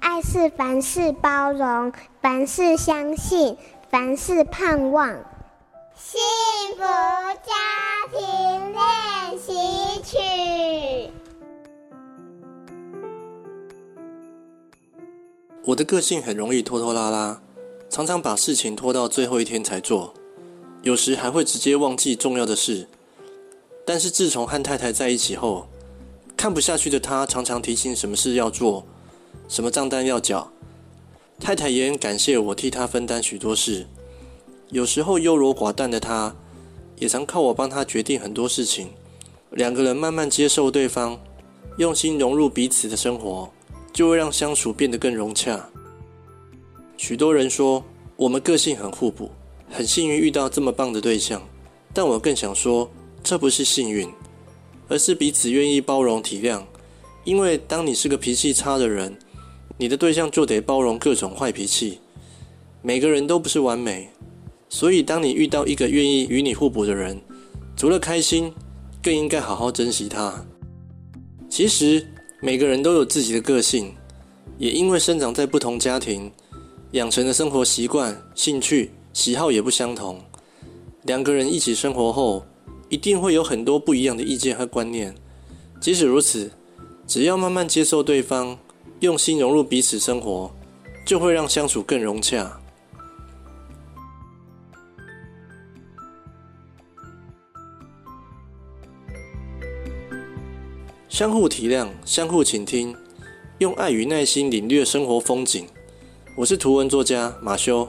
愛是凡事包容，凡事相信，凡事盼望。幸福家庭練習曲。我的個性很容易拖拖拉拉，常常把事情拖到最後一天才做，有時還會直接忘記重要的事。但是自從和太太在一起後，看不下去的她常常提醒什麼事要做。什麼賬單要繳，太太也很感謝我替她分擔許多事。有時候優柔寡斷的她，也常靠我幫她決定很多事情。兩個人慢慢接受對方，用心融入彼此的生活，就會讓相處變得更融洽。許多人說我們個性很互補，很幸運遇到這麼棒的對象，但我更想說，這不是幸運，而是彼此願意包容體諒。因為當你是個脾氣差的人，你的對象就得包容各種壞脾氣，每個人都不是完美，所以當你遇到一個願意與你互補的人，除了開心，更應該好好珍惜他。其實每個人都有自己的個性，也因為生長在不同家庭，養成的生活習慣、興趣、喜好也不相同。兩個人一起生活後，一定會有很多不一樣的意見和觀念。即使如此，只要慢慢接受對方。用心融入彼此生活，就會讓相處更融洽。相互體諒，相互傾聽，用愛與耐心領略生活風景。我是圖文作家馬修。